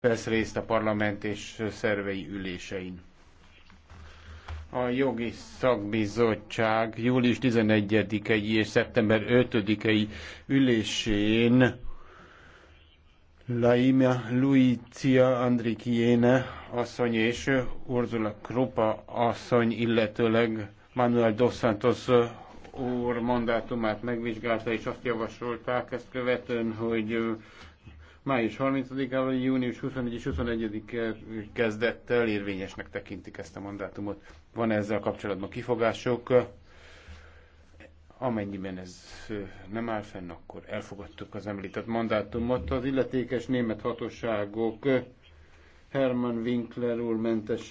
vesz részt a parlament és szervei ülésein. A jogi szakbizottság július 11-i és szeptember 5-i ülésén Laimia Luicia Andrikiéne asszony és Urzula Krupa asszony, illetőleg Manuel Dos Santos úr mandátumát megvizsgálta, és azt javasolták ezt követően, hogy május 30-ával, június 21 és 21 kezdettel érvényesnek tekintik ezt a mandátumot. Van -e ezzel kapcsolatban kifogások? Amennyiben ez nem áll fenn, akkor elfogadtuk az említett mandátumot. Az illetékes német hatóságok Herman Winkler úr mentes